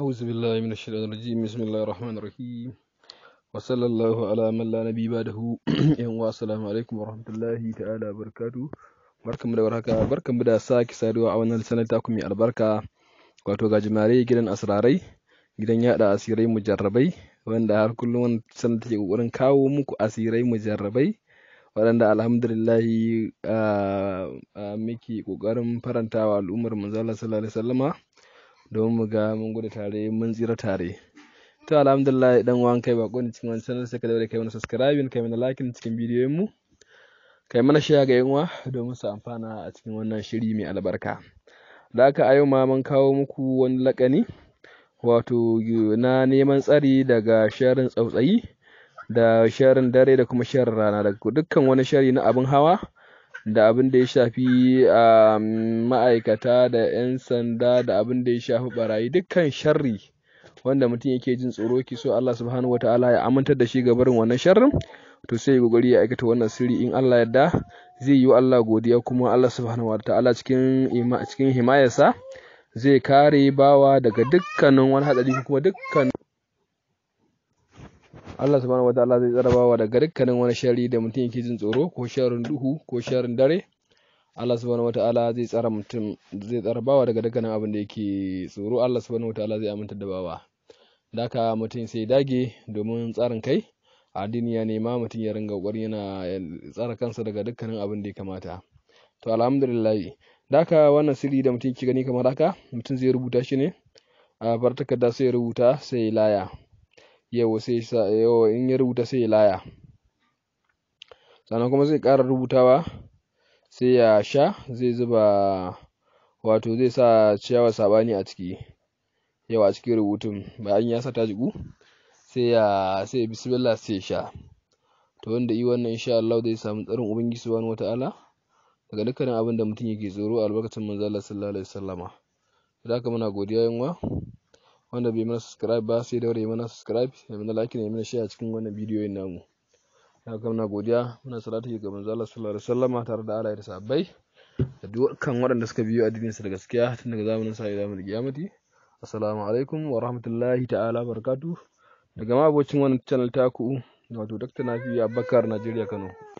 أعوذ بالله من الشيطان الرجيم بسم الله الرحمن الرحيم وصلى الله على من لا نبي بعده والسلام عليكم ورحمة الله تعالى وبركاته barkan da warhaka barkan da sake saduwa a wannan sanar taku mai albarka wato ga jimare gidan asirarai gidan yada asirai mujarrabai wanda har kullum wannan sanar take kokarin kawo muku asirai mujarrabai waɗanda alhamdulillahi muke kokarin farantawa al'ummar manzala sallallahu alaihi wasallama domin mu ga mun gudu tare mun tsira tare to alhamdulillah dan wan kai ba ne cikin sanar sai ka daure kai mana subscribe kai mana like cikin bidiyon mu kai mana share ga yanwa domin su amfana a cikin wannan shiri mai albarka da haka a yau ma mun kawo muku wani lakani wato na neman tsari daga sharin tsautsayi da sharin dare da kuma sharin rana daga dukkan wani shari na abin hawa da abin da ya shafi a ah, ma'aikata da 'yan sanda da abin da ya shafi barayi dukkan sharri wanda mutum yake jin tsoro ki so Allah subhanahu ta'ala ya amintar da shi ga barin wannan sharrin to sai gogari ya aikata wannan sirri in Allah yarda zai yi wa Allah godiya kuma Allah subhanahu ta'ala cikin cikin himayarsa zai kare bawa daga dukkanin wani hadari kuma dukkanin. Allah subhanahu wataala zai bawa daga dukkanin wani shari da mutum yake jin tsoro ko sharin duhu ko sharin dare Allah subhanahu wataala zai tsara mutum zai tsara bawa daga dukkanin abin da yake tsoro Allah subhanahu wataala zai aminta da bawa da ka mutum sai dage domin tsarin kai addini ya nema mutum ya ringa kokari yana tsara kansa daga dukkanin abin da ya kamata to alhamdulillah da ka wannan sirri da mutum ke gani kamar haka mutum zai rubuta shi ne a bar takarda sai rubuta sai laya yau sai sa yau in ya rubuta sai ya laya sannan kuma zai ƙara rubutawa sai ya sha zai zuba wato zai sa ciyawa sabani a ciki yau a cikin rubutun bayan ya sa ta jiku sai ya sai bismillah sai ya sha to wanda yi wannan insha Allah zai samu tsarin ubangiji subhanahu wataala daga dukkanin abin da mutum yake tsoro albarkacin manzo Allah sallallahu alaihi wasallama da haka muna godiya yanwa wanda bai mana subscribe ba sai daure mana subscribe ya mana like ne mana share cikin wannan yin namu na ga muna godiya muna salatu ga manzo Allah sallallahu alaihi wasallama tare da Allah da sabbai da dukkan waɗanda suka biyo addinin sa da gaskiya tun daga zamanin sa da mulki kiyamati assalamu alaikum wa rahmatullahi ta'ala barakatuh daga mabocin wannan channel taku wato Dr. Nafi Abubakar Najeriya Kano